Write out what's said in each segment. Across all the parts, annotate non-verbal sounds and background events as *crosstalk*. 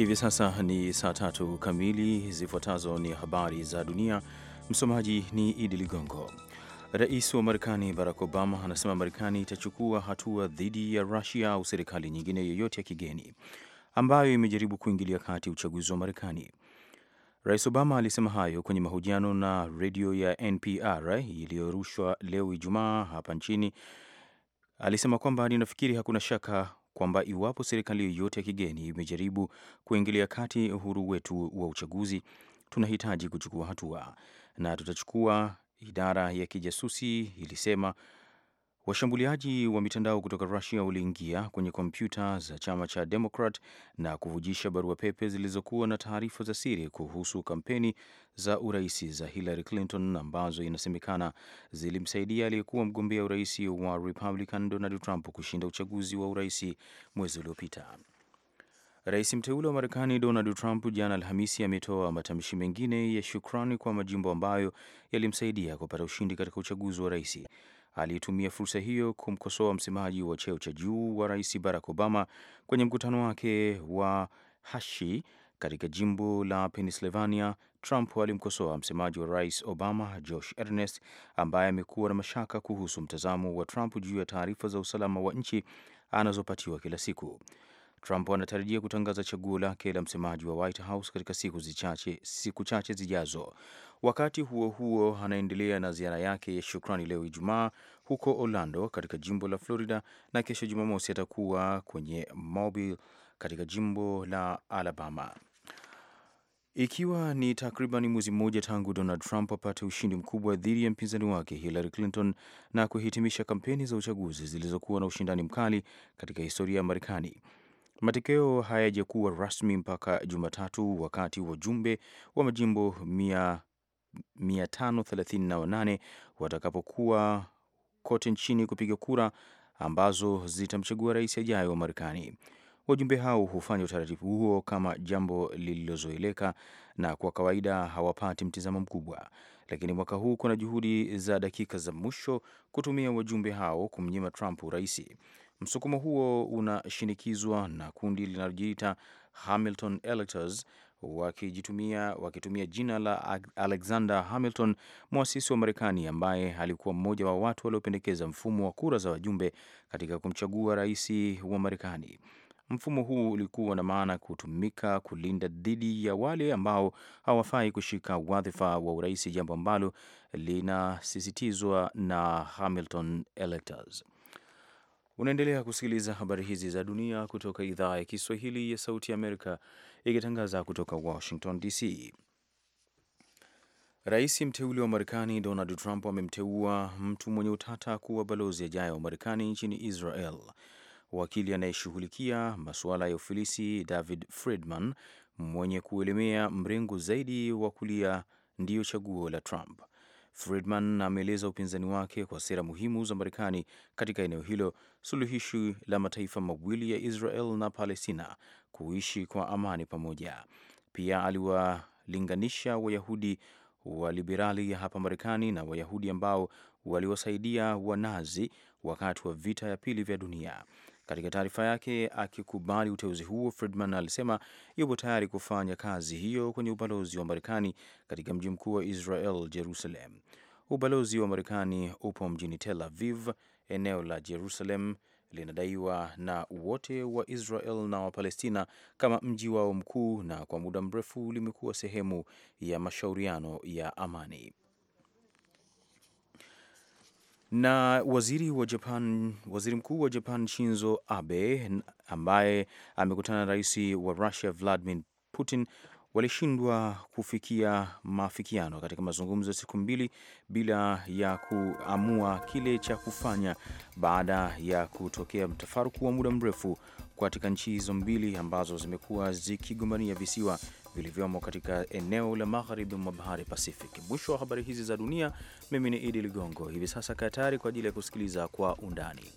Hivi sasa ni saa tatu kamili. Zifuatazo ni habari za dunia. Msomaji ni Idi Ligongo. Rais wa Marekani Barack Obama anasema Marekani itachukua hatua dhidi ya Rusia au serikali nyingine yoyote ya kigeni ambayo imejaribu kuingilia kati uchaguzi wa Marekani. Rais Obama alisema hayo kwenye mahojiano na redio ya NPR iliyorushwa leo Ijumaa hapa nchini. Alisema kwamba ninafikiri hakuna shaka kwamba iwapo serikali yoyote ya kigeni imejaribu kuingilia kati uhuru wetu wa uchaguzi, tunahitaji kuchukua hatua na tutachukua, idara ya kijasusi ilisema Washambuliaji wa mitandao kutoka Rusia waliingia kwenye kompyuta za chama cha Demokrat na kuvujisha barua pepe zilizokuwa na taarifa za siri kuhusu kampeni za urais za Hillary Clinton ambazo inasemekana zilimsaidia aliyekuwa mgombea urais wa Republican Donald Trump kushinda uchaguzi wa urais mwezi uliopita. Rais mteule wa Marekani Donald Trump jana Alhamisi ametoa matamshi mengine ya shukrani kwa majimbo ambayo yalimsaidia kupata ushindi katika uchaguzi wa rais aliyetumia fursa hiyo kumkosoa msemaji wa cheo cha juu wa rais Barack Obama kwenye mkutano wake wa Hashi katika jimbo la Pennsylvania. Trump alimkosoa msemaji wa rais Obama, Josh Earnest, ambaye amekuwa na mashaka kuhusu mtazamo wa Trump juu ya taarifa za usalama wa nchi anazopatiwa kila siku. Trump anatarajia kutangaza chaguo lake la msemaji wa White House katika siku zichache, siku chache zijazo. Wakati huo huo, anaendelea na ziara yake ya shukrani leo Ijumaa huko Orlando katika jimbo la Florida, na kesho Jumamosi atakuwa kwenye Mobile katika jimbo la Alabama. Ikiwa ni takriban mwezi mmoja tangu Donald Trump apate ushindi mkubwa dhidi ya mpinzani wake Hillary Clinton na kuhitimisha kampeni za uchaguzi zilizokuwa na ushindani mkali katika historia ya Marekani, Matokeo hayajakuwa rasmi mpaka Jumatatu, wakati wajumbe wa majimbo 538 watakapokuwa kote nchini kupiga kura ambazo zitamchagua rais ajayo wa Marekani. Wajumbe hao hufanya utaratibu huo kama jambo lililozoeleka na kwa kawaida hawapati mtizamo mkubwa, lakini mwaka huu kuna juhudi za dakika za mwisho kutumia wajumbe hao kumnyima Trump uraisi. Msukumo huo unashinikizwa na kundi linalojiita Hamilton Electors wakijitumia wakitumia jina la Alexander Hamilton, mwasisi wa Marekani ambaye alikuwa mmoja wa watu waliopendekeza mfumo wa kura za wajumbe katika kumchagua rais wa Marekani. Mfumo huu ulikuwa na maana kutumika kulinda dhidi ya wale ambao hawafai kushika wadhifa wa urais, jambo ambalo linasisitizwa na Hamilton Electors. Unaendelea kusikiliza habari hizi za dunia kutoka idhaa ya Kiswahili ya Sauti ya Amerika ikitangaza kutoka Washington DC. Rais mteule wa Marekani Donald Trump amemteua mtu mwenye utata kuwa balozi ajaye wa Marekani nchini Israel. Wakili anayeshughulikia masuala ya ufilisi David Friedman mwenye kuelemea mrengo zaidi wa kulia ndiyo chaguo la Trump. Friedman ameeleza upinzani wake kwa sera muhimu za Marekani katika eneo hilo, suluhishi la mataifa mawili ya Israel na Palestina kuishi kwa amani pamoja. Pia aliwalinganisha Wayahudi wa liberali hapa Marekani na Wayahudi ambao waliwasaidia Wanazi wakati wa vita ya pili vya dunia. Katika taarifa yake akikubali uteuzi huo, Friedman alisema yupo tayari kufanya kazi hiyo kwenye ubalozi wa Marekani katika mji mkuu wa Israel, Jerusalem. Ubalozi wa Marekani upo mjini Tel Aviv. Eneo la Jerusalem linadaiwa na wote wa Israel na Wapalestina kama mji wao mkuu na kwa muda mrefu limekuwa sehemu ya mashauriano ya amani na waziri wa Japan, waziri mkuu wa Japan Shinzo Abe ambaye amekutana na rais wa Russia Vladimir Putin walishindwa kufikia maafikiano katika mazungumzo ya siku mbili bila ya kuamua kile cha kufanya baada ya kutokea mtafaruku wa muda mrefu katika nchi hizo mbili ambazo zimekuwa zikigombania visiwa vilivyomo katika eneo la magharibi mwa bahari Pacific. Mwisho wa habari hizi za dunia, mimi ni Idi Ligongo. Hivi sasa kaa kwa ajili ya kusikiliza kwa undani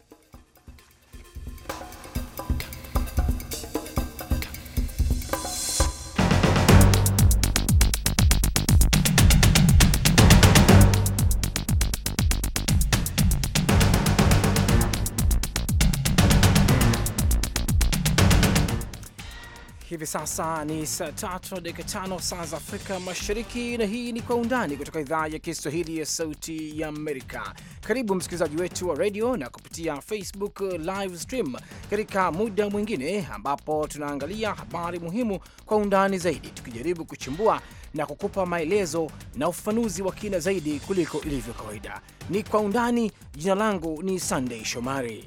hivi sasa ni saa tatu na dakika tano saa za Afrika Mashariki, na hii ni Kwa Undani kutoka idhaa ya Kiswahili ya Sauti ya Amerika. Karibu msikilizaji wetu wa redio na kupitia Facebook live stream katika muda mwingine, ambapo tunaangalia habari muhimu kwa undani zaidi, tukijaribu kuchimbua na kukupa maelezo na ufafanuzi wa kina zaidi kuliko ilivyo kawaida. Ni Kwa Undani. Jina langu ni sandey Shomari.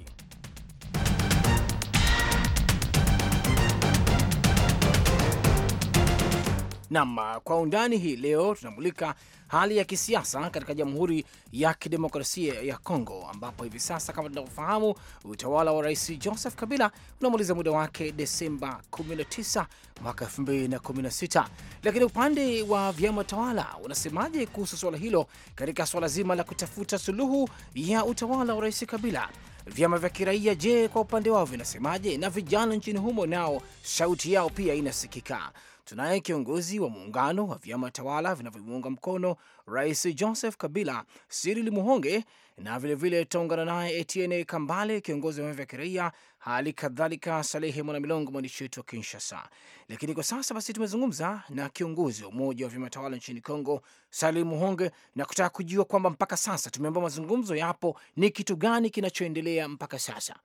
Nam uh, kwa undani hii leo tunamulika hali ya kisiasa katika Jamhuri ya Kidemokrasia ya Kongo, ambapo hivi sasa kama tunavyofahamu, utawala wa Rais Joseph Kabila unamaliza muda wake Desemba 19 mwaka 2016. Lakini upande wa vyama tawala unasemaje kuhusu suala hilo katika suala zima la kutafuta suluhu ya utawala wa Rais Kabila? Vyama vya kiraia je, kwa upande wao vinasemaje? Na vijana nchini humo nao sauti yao pia inasikika. Tunaye kiongozi wa muungano wa vyama tawala vinavyomuunga mkono Rais Joseph Kabila, Siril Muhonge, na vilevile tutaungana naye Etienne Kambale, kiongozi wa vyama vya kiraia, hali kadhalika Salehe Mwanamilongo, mwandishi wetu wa Kinshasa. Lakini kwa sasa basi, tumezungumza na kiongozi wa umoja wa vyama tawala nchini congo Siril Muhonge, na kutaka kujua kwamba mpaka sasa tumeamba mazungumzo yapo, ni kitu gani kinachoendelea mpaka sasa.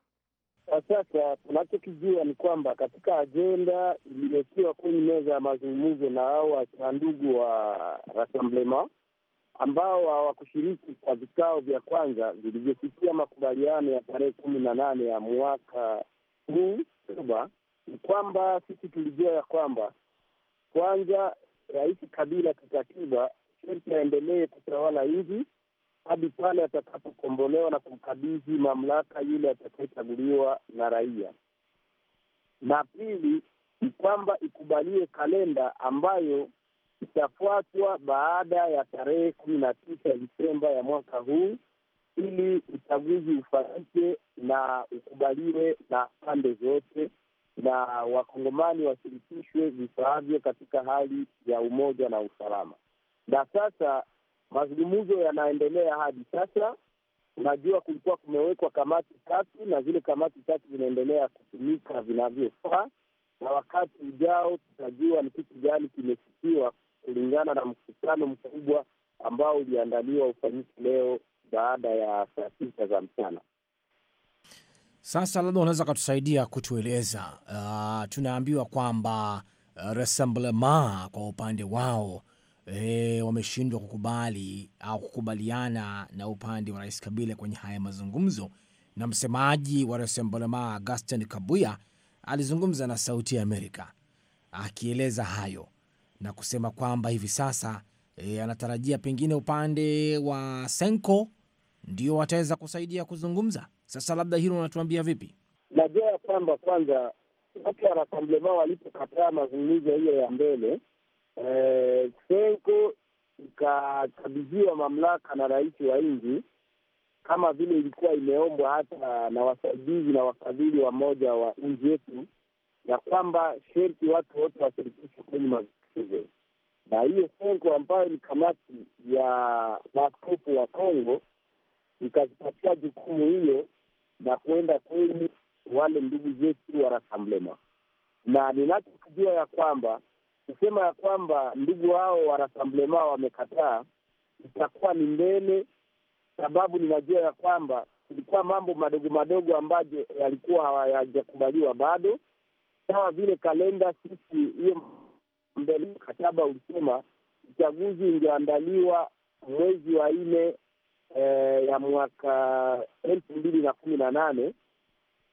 Kwa sasa tunachokijua ni kwamba katika ajenda iliyotiwa kwenye meza ya mazungumzo na hao wandugu wa Rassemblement ambao hawakushiriki kwa vikao vya kwanza vilivyofikia makubaliano ya tarehe kumi na nane ya mwaka huu Oktoba, ni kwamba sisi tulijua ya kwamba kwanza, Rais Kabila kikatiba sharti aendelee kutawala nchi hadi pale atakapokombolewa na kumkabidhi mamlaka yule atakayechaguliwa na raia. Na pili ni kwamba ikubaliwe kalenda ambayo itafuatwa baada ya tarehe kumi na tisa Desemba ya mwaka huu ili uchaguzi ufanyike na ukubaliwe na pande zote na Wakongomani washirikishwe vifaavyo katika hali ya umoja na usalama. Na sasa mazungumzo yanaendelea hadi sasa. Unajua, kulikuwa kumewekwa kamati tatu na zile kamati tatu zinaendelea kutumika vinavyofaa, na wakati ujao tutajua ni kitu gani kimefikiwa kulingana na mkutano mkubwa ambao uliandaliwa ufanyiki leo baada ya saa sita za mchana. Sasa labda unaweza ukatusaidia kutueleza, uh, tunaambiwa kwamba uh, Rassemblement kwa upande wao e, wameshindwa kukubali au kukubaliana na upande wa Rais Kabila kwenye haya mazungumzo. Na msemaji wa Rassemblement Augustin Kabuya alizungumza na Sauti ya Amerika akieleza hayo na kusema kwamba hivi sasa e, anatarajia pengine upande wa Senko ndio wataweza kusaidia kuzungumza. Sasa labda hilo unatuambia vipi? Najua ya kwamba kwanza, watu wa Rassemblement walipokataa mazungumzo hiyo ya mbele Senko eh, ikakabidhiwa mamlaka na rais wa nchi kama vile ilikuwa imeombwa hata na wasaidizi na wafadhili wa moja wa nchi yetu, ya kwamba sherti watu wote washirikishwe kwenye mazungumzo. Na hiyo Senko ambayo ni kamati ya maaskofu wa Kongo ikazipatia jukumu hiyo na kuenda kwenye wale ndugu zetu wa Rasamblema, na ninachokijua ya kwamba kusema ya kwamba ndugu hao warasamblema wamekataa, itakuwa ni mbele, sababu ninajua ya kwamba kulikuwa mambo madogo madogo ambayo yalikuwa hayajakubaliwa bado, kama vile kalenda. Sisi hiyo mbele, mkataba ulisema uchaguzi ungeandaliwa mwezi wa nne eh, ya mwaka elfu mbili na kumi na nane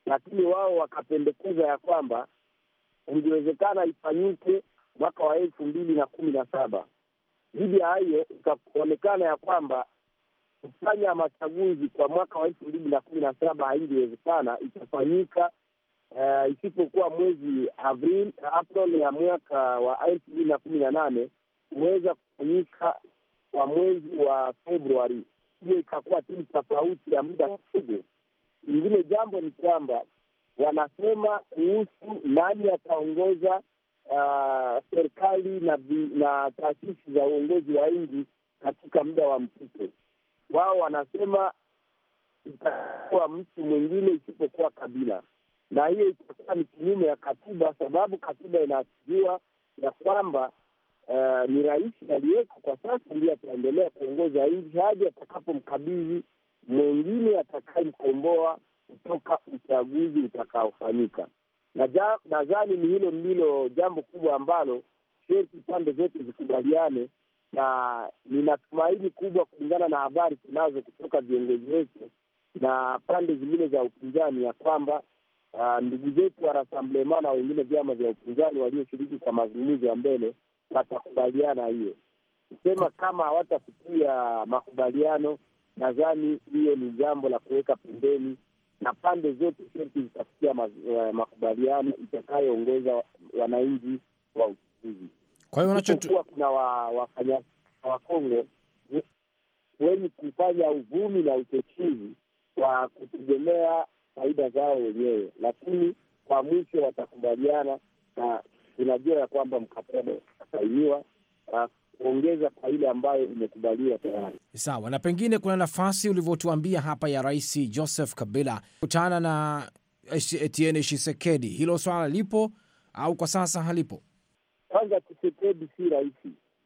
lakini wao wakapendekeza ya kwamba ingewezekana ifanyike mwaka wa elfu mbili na kumi na saba. Dhidi ya hayo ikaonekana ya kwamba kufanya machaguzi kwa mwaka wa elfu mbili na kumi na saba haingewezekana, itafanyika uh, isipokuwa mwezi Aprili April ya mwaka wa elfu mbili na kumi na nane huweza kufanyika kwa mwezi wa Februari. Hiyo ikakuwa timu tofauti ya muda kidogo. Lingine jambo ni kwamba wanasema kuhusu nani ataongoza serikali na, na taasisi za uongozi wa nji katika muda wa mpito. Wao wanasema itakuwa mtu mwingine isipokuwa kabila, na hiyo itakuwa ni kinyume ya katiba, sababu katiba inaasiliwa ya kwamba uh, ni rais aliyeko kwa sasa ndiye ataendelea kuongoza nji hadi atakapomkabidhi mwingine atakayemkomboa kutoka uchaguzi utakaofanyika. Nadhani ni hilo ndilo jambo kubwa ambalo sherti pande zote zikubaliane, na ninatumaini kubwa kulingana na habari tunazo kutoka viongozi wetu na pande zingine za upinzani ya kwamba ah, ndugu zetu wa Rassemblement na wengine vyama vya upinzani walioshiriki kwa mazungumzo ya mbele watakubaliana hiyo. Kusema kama hawatafikia makubaliano, nadhani hiyo ni jambo la kuweka pembeni na pande zote sharti zitafikia eh, makubaliano itakayoongeza wananchi wa uchaguzi. Kwa hiyo wanachokuwa kuna wafanya wakongwe wenye kufanya uvumi na uchochezi kwa kutegemea faida zao wenyewe, lakini kwa mwisho watakubaliana, na tunajua ya kwamba mkataba utasainiwa kuongeza kwa ile ambayo imekubaliwa tayari. Sawa, na pengine kuna nafasi ulivyotuambia hapa ya Rais Joseph Kabila kutana na Etienne Tshisekedi, hilo swala lipo au kwa sasa halipo? Kwanza, Tshisekedi si rais.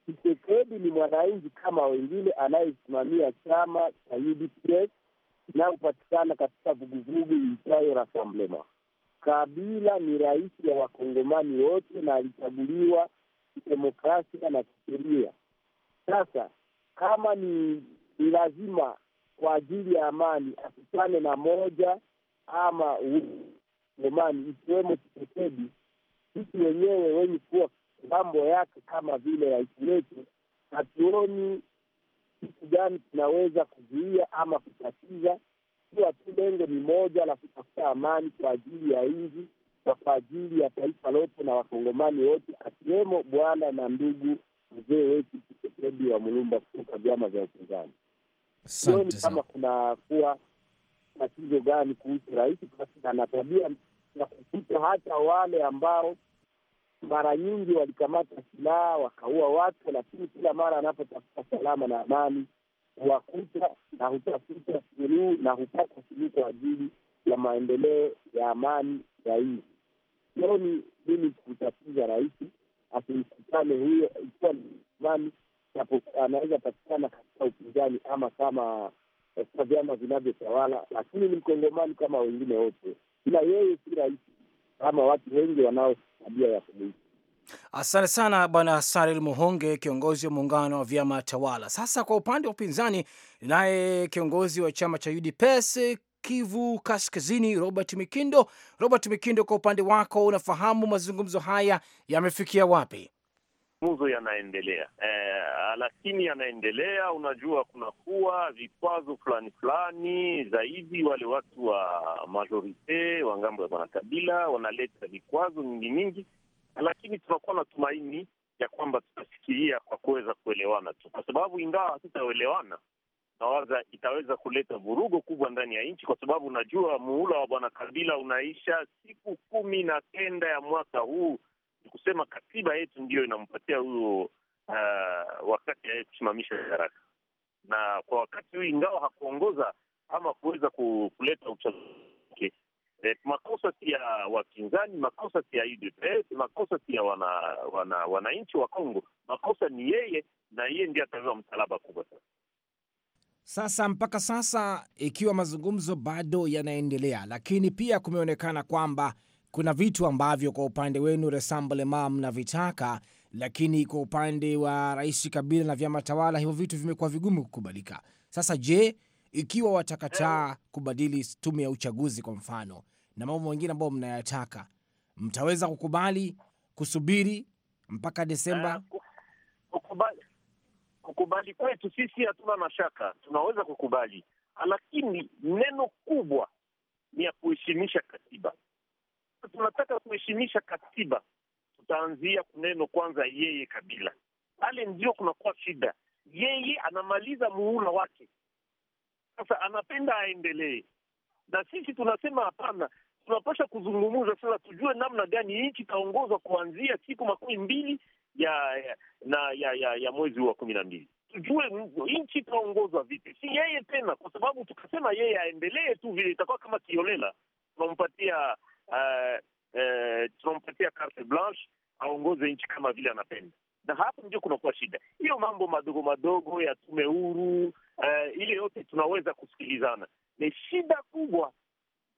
Tshisekedi ni mwananchi kama wengine anayesimamia chama cha UDPS inayopatikana katika vuguvugu itayo Rassemblement. Kabila ni rais ya wakongomani wote na alichaguliwa kidemokrasia na kisheria. Sasa kama ni, ni lazima kwa ajili ya amani akutane na moja ama amani ikiwemo Tshisekedi, sisi wenyewe wenye kuwa mambo yake kama vile rais wetu, hatuoni kitu gani tunaweza kuzuia ama kutatiza, kiwa tu lengo ni moja la kutafuta amani kwa ajili ya nchi kwa ajili ya taifa lote na wakongomani wote, akiwemo bwana na ndugu mzee wetu Tshisekedi wa Mulumba kutoka vyama vya upinzani. Sioni kama kunakuwa tatizo gani kuhusu rais, basi ana tabia ya kukuta hata wale ambao mara nyingi walikamata silaha wakaua watu, lakini kila mara anapotafuta salama na amani huwakuta na hutafuta suluhu na hupata suluhu kwa ajili ya maendeleo ya amani ya nchi sioni mimi kutatiza rais asimkutane huyo, ikiwa nani anaweza patikana katika upinzani ama kama eh, katika vyama vinavyotawala, lakini ni mkongomani kama wengine wote, ila yeye si rais kama watu wengi wanao tabia ya kumuiza. Asante sana Bwana Sarel Muhonge, kiongozi wa muungano wa vyama tawala. Sasa kwa upande wa upinzani, naye kiongozi wa chama cha UDPS Kivu Kaskazini, Robert Mikindo. Robert Mikindo, kwa upande wako unafahamu mazungumzo haya yamefikia wapi? Mazungumzo yanaendelea eh, lakini yanaendelea. Unajua, kunakuwa vikwazo fulani fulani zaidi. Wale watu wa majorite wa ngambo ya bwana Kabila wanaleta vikwazo nyingi nyingi, lakini tunakuwa na tumaini ya kwamba tutafikiria kwa kuweza kuelewana tu, kwa sababu ingawa hatutaelewana nawaza itaweza kuleta vurugo kubwa ndani ya nchi, kwa sababu unajua muhula wa bwana Kabila unaisha siku kumi na kenda ya mwaka huu. Ni kusema katiba yetu ndiyo inampatia huyo uh, wakati ya kusimamisha madaraka, na kwa wakati huu, ingawa hakuongoza ama kuweza kuleta uchaguzi, eh, makosa si ya wapinzani, makosa si ya UDPS, makosa si ya wananchi wana, wana wa Kongo, makosa ni yeye, na yeye ndiye atapewa msalaba kubwa sana. Sasa mpaka sasa, ikiwa mazungumzo bado yanaendelea, lakini pia kumeonekana kwamba kuna vitu ambavyo kwa upande wenu Rassemblement mnavitaka, lakini kwa upande wa Rais Kabila na vyama tawala hivyo vitu vimekuwa vigumu kukubalika. Sasa je, ikiwa watakataa kubadili tume ya uchaguzi kwa mfano na mambo mengine ambayo mnayataka, mtaweza kukubali kusubiri mpaka Desemba? Eh, kukubali, Kukubali kwetu sisi, hatuna mashaka, tunaweza kukubali, lakini neno kubwa ni ya kuheshimisha katiba. Tunataka kuheshimisha katiba, tutaanzia kuneno kwanza yeye Kabila, pale ndio kunakuwa shida. Yeye anamaliza muhula wake, sasa anapenda aendelee, na sisi tunasema hapana. Tunapasha kuzungumza sasa, tujue namna gani nchi itaongozwa kuanzia siku makumi mbili ya na ya, ya, ya mwezi wa kumi na mbili tujue nchi itaongozwa vipi, si yeye tena, kwa sababu tukasema yeye aendelee tu vile itakuwa kama kiolela. Tunampatia uh, uh, tunampatia carte blanche aongoze nchi kama vile anapenda, na hapo ndio kunakuwa shida. Hiyo mambo madogo madogo ya tume huru uh, ile yote tunaweza kusikilizana, ni shida kubwa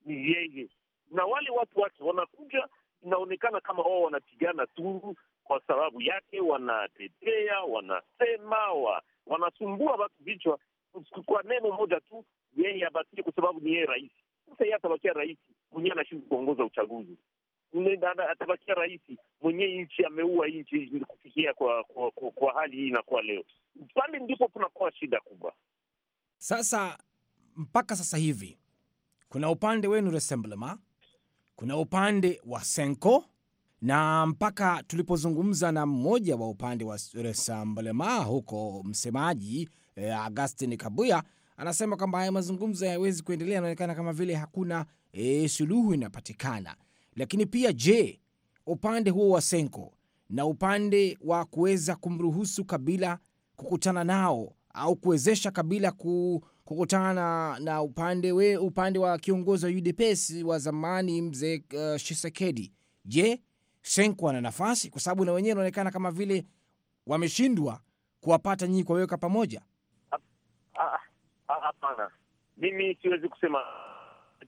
ni yeye na wale watu wake wanakuja, inaonekana kama wao wanapigana tu kwa sababu yake, wanatetea, wanasema wa, wanasumbua watu vichwa kwa neno moja tu, yeye abakie kwa sababu ni yeye rais. Sasa yeye atabakia rais mwenyewe anashindwa kuongoza uchaguzi, atabakia rais mwenyewe, nchi ameua nchi kufikia kwa, kwa, kwa, kwa hali hii inakuwa leo. Pale ndipo kunakuwa shida kubwa. Sasa mpaka sasa hivi kuna upande wenu Rassemblement, kuna upande wa Senko na mpaka tulipozungumza na mmoja wa upande wa Rassemblement huko, msemaji eh, Augustin Kabuya anasema kwamba haya mazungumzo yawezi kuendelea, anaonekana kama vile hakuna eh, suluhu inapatikana. Lakini pia je, upande huo wa Senko na upande wa kuweza kumruhusu Kabila kukutana nao au kuwezesha Kabila kukutana na upande we upande wa kiongozi wa UDPS wa zamani mzee uh, eh, Shisekedi, je Senko ana nafasi, kwa sababu na wenyewe inaonekana kama vile wameshindwa kuwapata nyinyi, kuwaweka pamoja. Ah, ah, ah, hapana, mimi siwezi kusema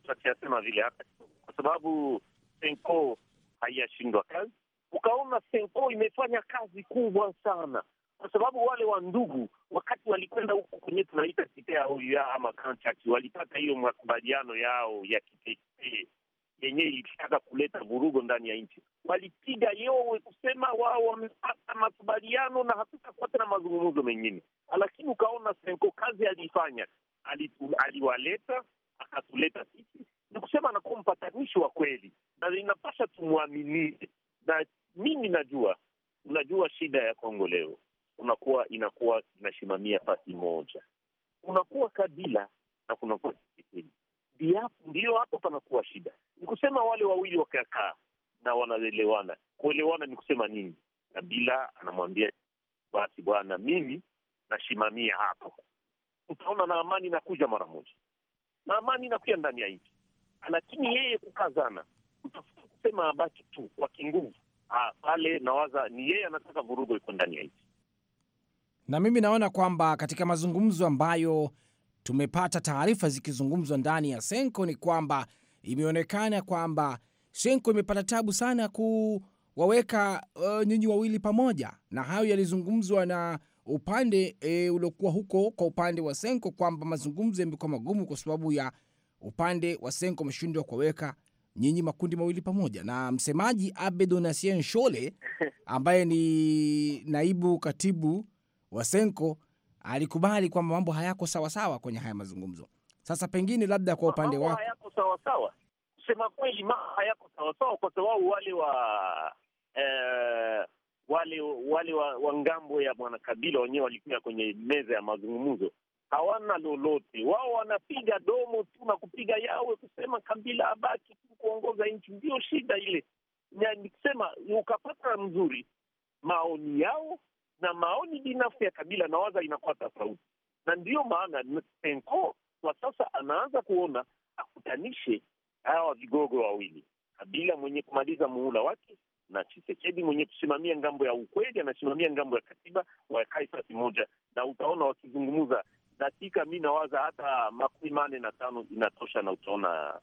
akiasema vile hapa, kwa sababu Senko haiyashindwa kazi. Ukaona Senko imefanya kazi kubwa sana, kwa sababu wale wa ndugu wakati walikwenda huku kwenye tunaita kitea huyu ama contract, walipata hiyo makubaliano yao ya kipekee yenyewe ilitaka kuleta vurugo ndani ya nchi. Walipiga yowe kusema wao wamepata makubaliano na hatutakuwa tena mazungumzo mengine, lakini ukaona Senko kazi aliifanya aliwaleta akatuleta sisi, ni kusema anakuwa mpatanishi wa kweli, na inapasha tumwaminie. Na mimi najua, unajua shida ya Kongo leo unakuwa inakuwa inasimamia pasi moja, kunakuwa kabila na kunakuwa Tshisekedi viapo, ndiyo hapo panakuwa shida. Ni kusema wale wawili wakakaa na wanaelewana, kuelewana ni kusema nini? kabila anamwambia basi, bwana, mimi nasimamia hapo, utaona na amani inakuja mara moja, na amani inakuja ndani ya nchi. Lakini yeye kukazana, utafuta kusema abaki tu kwa kinguvu ah, pale, nawaza ni yeye anataka vurugo iko ndani ya nchi, na mimi naona kwamba katika mazungumzo ambayo tumepata taarifa zikizungumzwa ndani ya Senko ni kwamba imeonekana kwamba Senko imepata tabu sana kuwaweka uh, nyinyi wawili pamoja, na hayo yalizungumzwa na upande e, uliokuwa huko kwa upande wa Senko kwamba mazungumzo yamekuwa magumu kwa sababu ya upande wa Senko umeshindwa kuwaweka nyinyi makundi mawili pamoja. Na msemaji Abed Donatien Shole *laughs* ambaye ni naibu katibu wa Senko alikubali kwamba mambo hayako sawasawa sawa kwenye haya mazungumzo. Sasa pengine labda kwa upande wako hayako sawasawa, kusema kweli mambo hayako sawasawa kwa sababu wale wa eh, wale wale wa, wa ngambo ya bwana Kabila wenyewe walikuwa kwenye meza ya mazungumzo, hawana lolote. Wao wanapiga domo tu na kupiga yawe, kusema Kabila abaki tu kuongoza nchi, ndiyo shida ile. Nikusema ukapata mzuri maoni yao na maoni binafsi ya Kabila na waza inakuwa tofauti, na ndiyo maana Senko kwa sasa anaanza kuona akutanishe hawa vigogo wawili, Kabila mwenye kumaliza muhula wake na Chisekedi mwenye kusimamia ngambo ya ukweli, anasimamia ngambo ya katiba, wakae sasi moja, na utaona wakizungumza dakika, mi nawaza hata makumi manne na tano inatosha, na utaona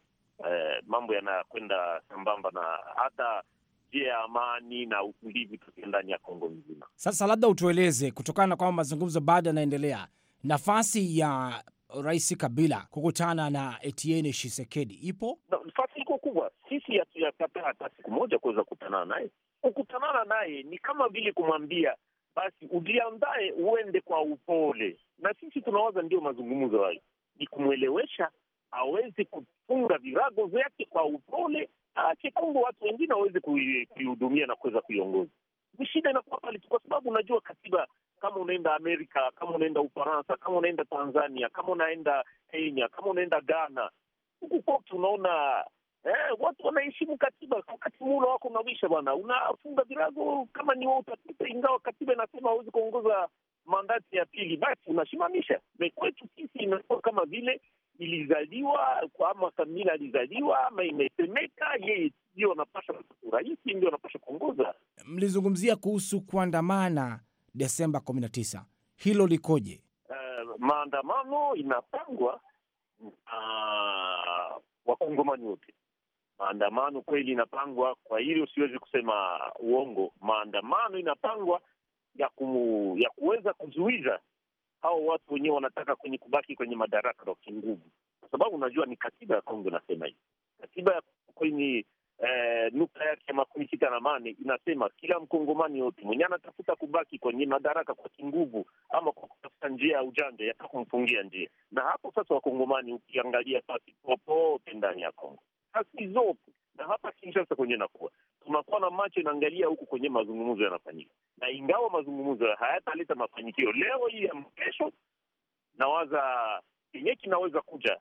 eh, mambo yanakwenda sambamba na hata njia ya amani na utulivu tokea ndani ya Kongo mzima Sasa labda utueleze, kutokana na kwamba mazungumzo bado yanaendelea, nafasi ya Rais Kabila kukutana na Etienne Tshisekedi ipo? Nafasi iko kubwa, sisi hatujakataa hata siku moja kuweza kukutanana naye. Kukutanana naye ni kama vile kumwambia basi ujiandae uende kwa upole, na sisi tunawaza ndio mazungumzo hayo, ni kumwelewesha aweze kufunga virago vyake kwa upole Ah, kitambo watu wengine waweze kuihudumia na kuweza kuiongoza. shida inakuwa pale tu, kwa sababu unajua katiba, kama unaenda Amerika, kama unaenda Ufaransa, kama unaenda Tanzania, kama unaenda Kenya, kama unaenda Ghana, huku kote unaona eh, watu wanaheshimu katiba. Wakati mula wako unawisha bwana, unafunga virago kama ni wewe utapita, ingawa katiba inasema hawezi kuongoza mandati ya pili, basi unasimamisha. Kwetu sisi inakuwa kama vile ilizaliwa ama Samia alizaliwa ama imesemeka, yeye ndio anapasha urais, ndio anapasha kuongoza. Mlizungumzia kuhusu kuandamana Desemba kumi na tisa, hilo likoje? Uh, maandamano inapangwa na ah, wakongomani wote. Maandamano kweli inapangwa, kwa hilo siwezi kusema uongo. Maandamano inapangwa ya, kumu, ya kuweza kuzuiza hao watu wenyewe wanataka kwenye kubaki kwenye madaraka kwa kinguvu, kwa sababu unajua ni katiba ya Kongo inasema hivi. Katiba ya kwenye eh, nukta yake ya makumi sita na mane inasema kila mkongomani yote mwenye anatafuta kubaki kwenye madaraka kwa kinguvu ama kwa kutafuta njia ya ujanja yatakumfungia njia, na hapo sasa wakongomani ukiangalia basi popote ndani ya Kongo kasi zote na hapa Kinshasa kwenyewe nakuwa tunakuwa na macho inaangalia huku kwenye mazungumzo yanafanyika na ingawa mazungumzo hayataleta mafanikio leo hii ya kesho, nawaza yenye kinaweza kuja,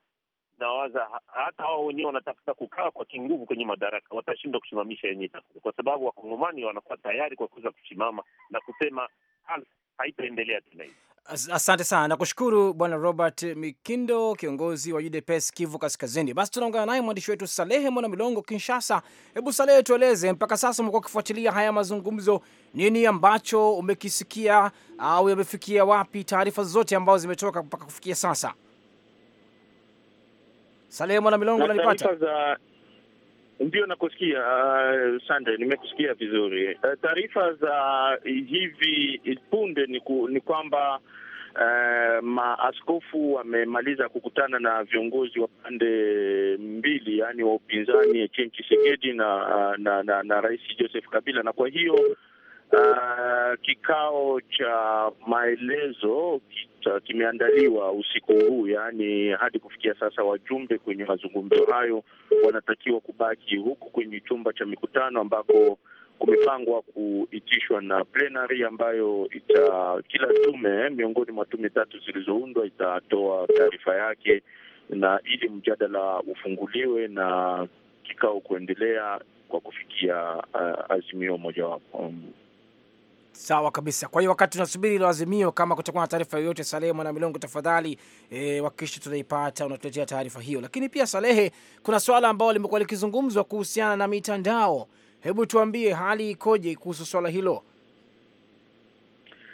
nawaza hata wao wenyewe wanatafuta kukaa kwa kinguvu kwenye madaraka, watashindwa kusimamisha yenye, kwa sababu wakongomani wanakuwa tayari kwa kuweza kusimama na kusema haitaendelea tena hivi. Asante sana, na kushukuru Bwana Robert Mikindo, kiongozi wa UDPS Kivu Kaskazini. Basi tunaungana naye mwandishi wetu Salehe Mwana Milongo, Kinshasa. Hebu Salehe, tueleze mpaka sasa umekuwa ukifuatilia haya mazungumzo, nini ambacho umekisikia au yamefikia wapi, taarifa zote ambazo zimetoka mpaka kufikia sasa? Salehe Mwana Milongo, unanipata? Ndio, nakusikia uh, Sande, nimekusikia vizuri. Uh, taarifa za hivi punde ni, ku, ni kwamba uh, maaskofu wamemaliza kukutana na viongozi wa pande mbili, yaani wa upinzani Etienne Tshisekedi na, uh, na, na, na Rais Joseph Kabila, na kwa hiyo uh, kikao cha maelezo ki kimeandaliwa usiku huu, yaani hadi kufikia sasa wajumbe kwenye mazungumzo hayo wanatakiwa kubaki huku kwenye chumba cha mikutano ambako kumepangwa kuitishwa na plenary ambayo ita kila tume eh, miongoni mwa tume tatu zilizoundwa itatoa taarifa yake, na ili mjadala ufunguliwe na kikao kuendelea kwa kufikia uh, azimio mojawapo um, Sawa kabisa. Kwa hiyo wakati tunasubiri ile azimio, kama kutakuwa na taarifa yoyote, Salehe Mwana Milongo, tafadhali e, wakishi tunaipata, unatuletea taarifa hiyo. Lakini pia Salehe, kuna swala ambalo limekuwa likizungumzwa kuhusiana na mitandao. Hebu tuambie hali ikoje kuhusu swala hilo?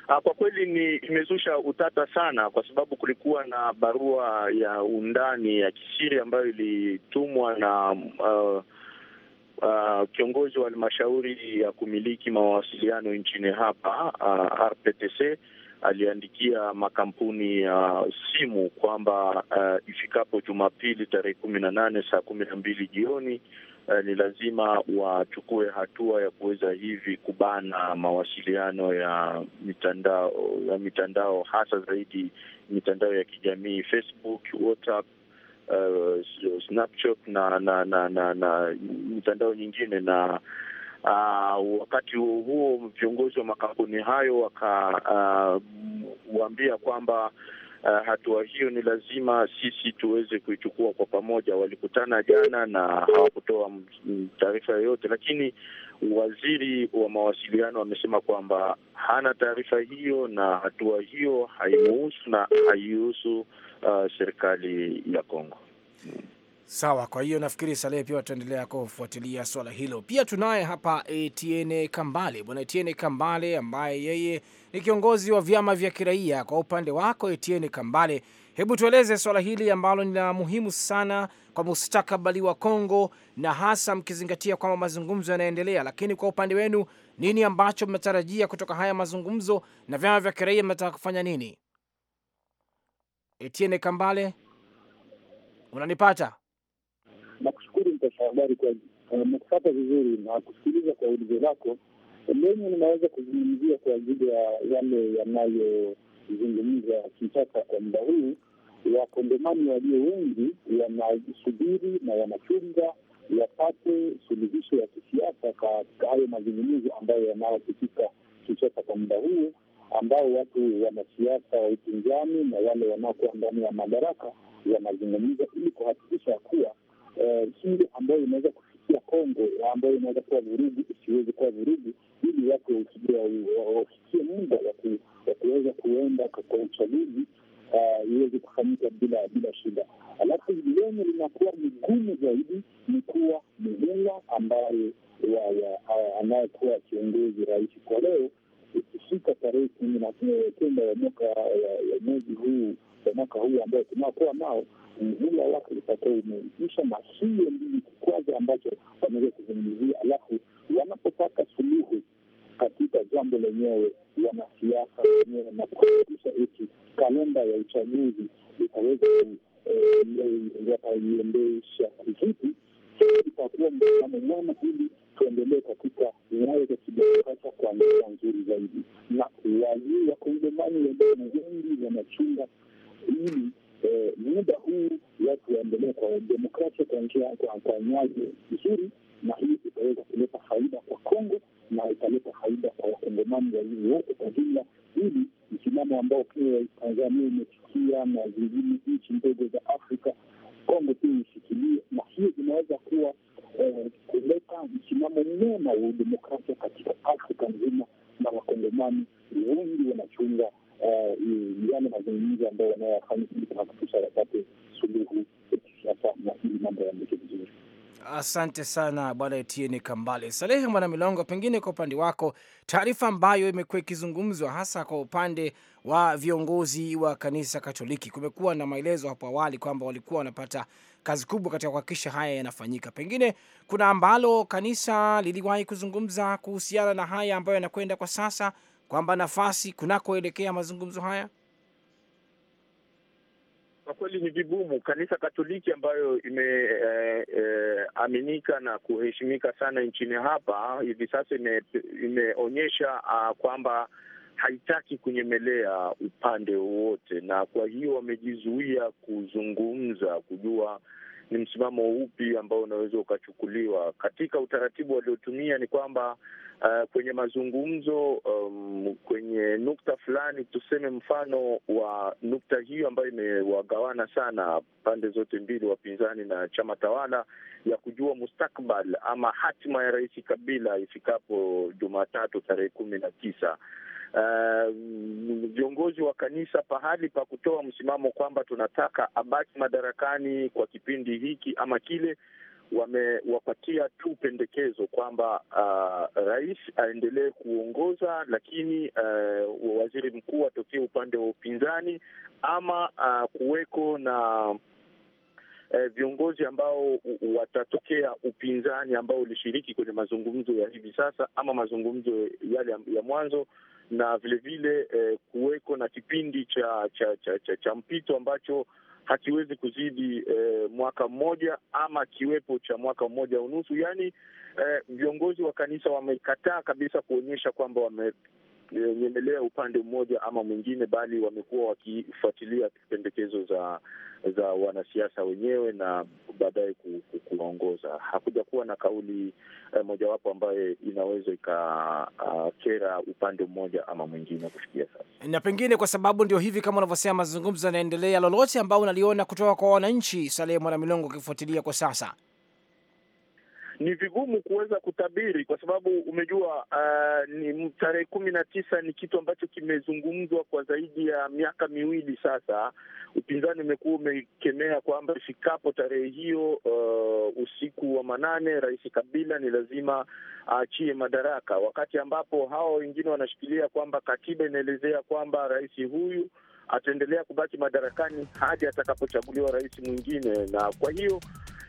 Ah, kwa kweli ni imezusha utata sana, kwa sababu kulikuwa na barua ya undani ya kisiri ambayo ilitumwa na uh, uh, kiongozi wa halmashauri ya kumiliki mawasiliano nchini hapa uh, RPTC aliandikia makampuni ya uh, simu kwamba uh, ifikapo Jumapili tarehe kumi na nane saa kumi na mbili jioni uh, ni lazima wachukue hatua ya kuweza hivi kubana mawasiliano ya mitandao ya mitandao hasa zaidi mitandao ya kijamii Facebook, WhatsApp uh, Snapchat na na na na, na mitandao nyingine na Uh, wakati huo huo viongozi wa makampuni hayo wakawaambia uh, kwamba Uh, hatua hiyo ni lazima sisi tuweze kuichukua kwa pamoja. Walikutana jana na hawakutoa taarifa yoyote, lakini waziri wa mawasiliano amesema kwamba hana taarifa hiyo na hatua hiyo haimuhusu na haihusu uh, serikali ya Kongo. Sawa, kwa hiyo nafikiri Salehe pia wataendelea kufuatilia swala hilo. Pia tunaye hapa Etienne Kambale, bwana Etienne Kambale ambaye yeye ni kiongozi wa vyama vya kiraia. Kwa upande wako Etienne Kambale, hebu tueleze swala hili ambalo ni la muhimu sana kwa mustakabali wa Kongo, na hasa mkizingatia kwamba mazungumzo yanaendelea. Lakini kwa upande wenu, nini ambacho mnatarajia kutoka haya mazungumzo, na vyama vya kiraia mnataka kufanya nini? Etienne Kambale, unanipata? mpasha habari kwa ah, kufata vizuri na kusikiliza kwa ulizo lako, lenye ninaweza kuzungumzia kwa ajili ya yale yanayozungumza Kinshasa kwa muda huu. Wakongomani walio wengi wanasubiri na wanachunga wapate suluhisho ya kisiasa katika hayo mazungumzo ambayo yanayopitika Kinshasa kwa muda huu, ambao watu wanasiasa wa upinzani na wale wanaokuwa ndani ya madaraka wanazungumza ili kuhakikisha kuwa Eh, hili ambayo inaweza kufikia Kongo, ambayo inaweza kuwa vurugu, isiwezi kuwa vurugu, ili watu wafikie muda wa kuweza kuenda kwa uchaguzi eh, iweze kufanyika bila bila shida. Alafu lenye linakuwa migumu zaidi ni kuwa muhula ambaye eh, anayekuwa kiongozi rais kwa leo ikifika tarehe kumi na kenda ya mwaka ya mwezi huu cha mwaka huu ambao tunaokuwa nao, mvua alafu itakuwa imeisha, na hiyo ndio kikwazo ambacho wameweza kuzungumzia. Alafu wanapotaka suluhu katika jambo lenyewe, wanasiasa wenyewe na kuhakikisha eti kalenda ya uchaguzi itaweza eh, wataiendesha kivipi, itakuwa msimamo mwema ili tuendelee katika nyayo za kidemokrasia kwa njia nzuri zaidi, na walio wakongomani wengi wanachunga ili eh, muda huu watu waendelee kwa demokrasia kwa nyayo nzuri, na hii itaweza kuleta faida kwa Kongo na italeta faida kwa wakongomani walii wote kwa jumla, ili msimamo ambao pia Tanzania imefikia na zingine nchi ndogo za Afrika, Kongo pia ishikilie, na hiyo inaweza kuwa eh, kuleta msimamo mwema wa udemokrasia katika Afrika nzima, na wakongomani wengi wanachunga Eh, yale mazungumzo ambayo wanayofanya ili kuhakikisha wapate suluhu hasa na hili mambo yaendeke vizuri. Asante sana Bwana Etienne Kambale. Salehe Mwana Milongo, pengine kwa upande wako, taarifa ambayo imekuwa ikizungumzwa hasa kwa upande wa viongozi wa kanisa Katoliki, kumekuwa na maelezo hapo awali kwamba walikuwa wanapata kazi kubwa katika kuhakikisha haya yanafanyika. Pengine kuna ambalo kanisa liliwahi kuzungumza kuhusiana na haya ambayo yanakwenda kwa sasa, kwamba nafasi kunakoelekea mazungumzo haya? Kwa kweli ni vigumu. Kanisa Katoliki ambayo imeaminika eh, eh, na kuheshimika sana nchini hapa hivi sasa imeonyesha ime uh, ah, kwamba haitaki kunyemelea upande wowote, na kwa hiyo wamejizuia kuzungumza, kujua ni msimamo upi ambao unaweza ukachukuliwa katika utaratibu waliotumia. Ni kwamba uh, kwenye mazungumzo um, kwenye nukta fulani, tuseme mfano wa nukta hiyo ambayo imewagawana sana pande zote mbili, wapinzani na chama tawala, ya kujua mustakbal ama hatima ya Rais Kabila ifikapo Jumatatu tarehe kumi na tisa. Uh, viongozi uh, wa kanisa pahali pa kutoa msimamo kwamba tunataka abaki madarakani kwa kipindi hiki ama kile, wamewapatia tu pendekezo kwamba uh, rais aendelee kuongoza, lakini uh, waziri mkuu atokee upande wa upinzani ama uh, kuweko na E, viongozi ambao watatokea upinzani ambao ulishiriki kwenye mazungumzo ya hivi sasa ama mazungumzo yale ya mwanzo na vilevile eh, kuweko na kipindi cha cha cha, cha, cha mpito ambacho hakiwezi kuzidi eh, mwaka mmoja ama kiwepo cha mwaka mmoja unusu. Yaani eh, viongozi wa kanisa wamekataa kabisa kuonyesha kwamba wame kunyemelea upande mmoja ama mwingine, bali wamekuwa wakifuatilia pendekezo za za wanasiasa wenyewe na baadaye kuwaongoza. Hakuja kuwa na kauli eh, mojawapo ambaye inaweza ikakera ah, uh, upande mmoja ama mwingine kufikia sasa, na pengine kwa sababu ndio hivi kama unavyosema, mazungumzo yanaendelea. Lolote ambao unaliona kutoka kwa wananchi, Salehe Mwana Milongo, ukifuatilia kwa sasa ni vigumu kuweza kutabiri kwa sababu umejua, uh, ni tarehe kumi na tisa ni kitu ambacho kimezungumzwa kwa zaidi ya miaka miwili sasa. Upinzani umekuwa umekemea kwamba ifikapo tarehe hiyo, uh, usiku wa manane, Rais Kabila ni lazima aachie uh, madaraka, wakati ambapo hawa wengine wanashikilia kwamba katiba inaelezea kwamba rais huyu ataendelea kubaki madarakani hadi atakapochaguliwa rais mwingine, na kwa hiyo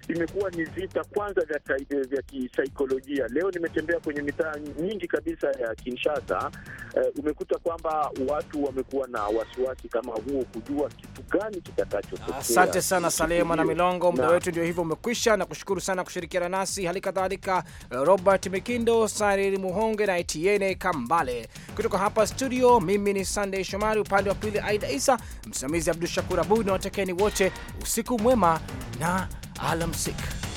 imekuwa ni vita kwanza vya, eh, vya kisaikolojia. Leo nimetembea kwenye mitaa nyingi kabisa ya Kinshasa. Uh, umekuta kwamba watu wamekuwa na wasiwasi kama huo, kujua kitu gani kitakachotokea. Asante sana Salehe Mwana Milongo, muda wetu ndio hivyo umekwisha, na kushukuru sana kushirikiana nasi, hali kadhalika eh, Robert Mikindo, Sarili Muhonge na Etiene Kambale kutoka hapa studio. Mimi ni Sunday Shomari, upande wa pili Aida Isa, msimamizi abdu shakur Abud, na watakeni wote usiku mwema na Alam Sikh.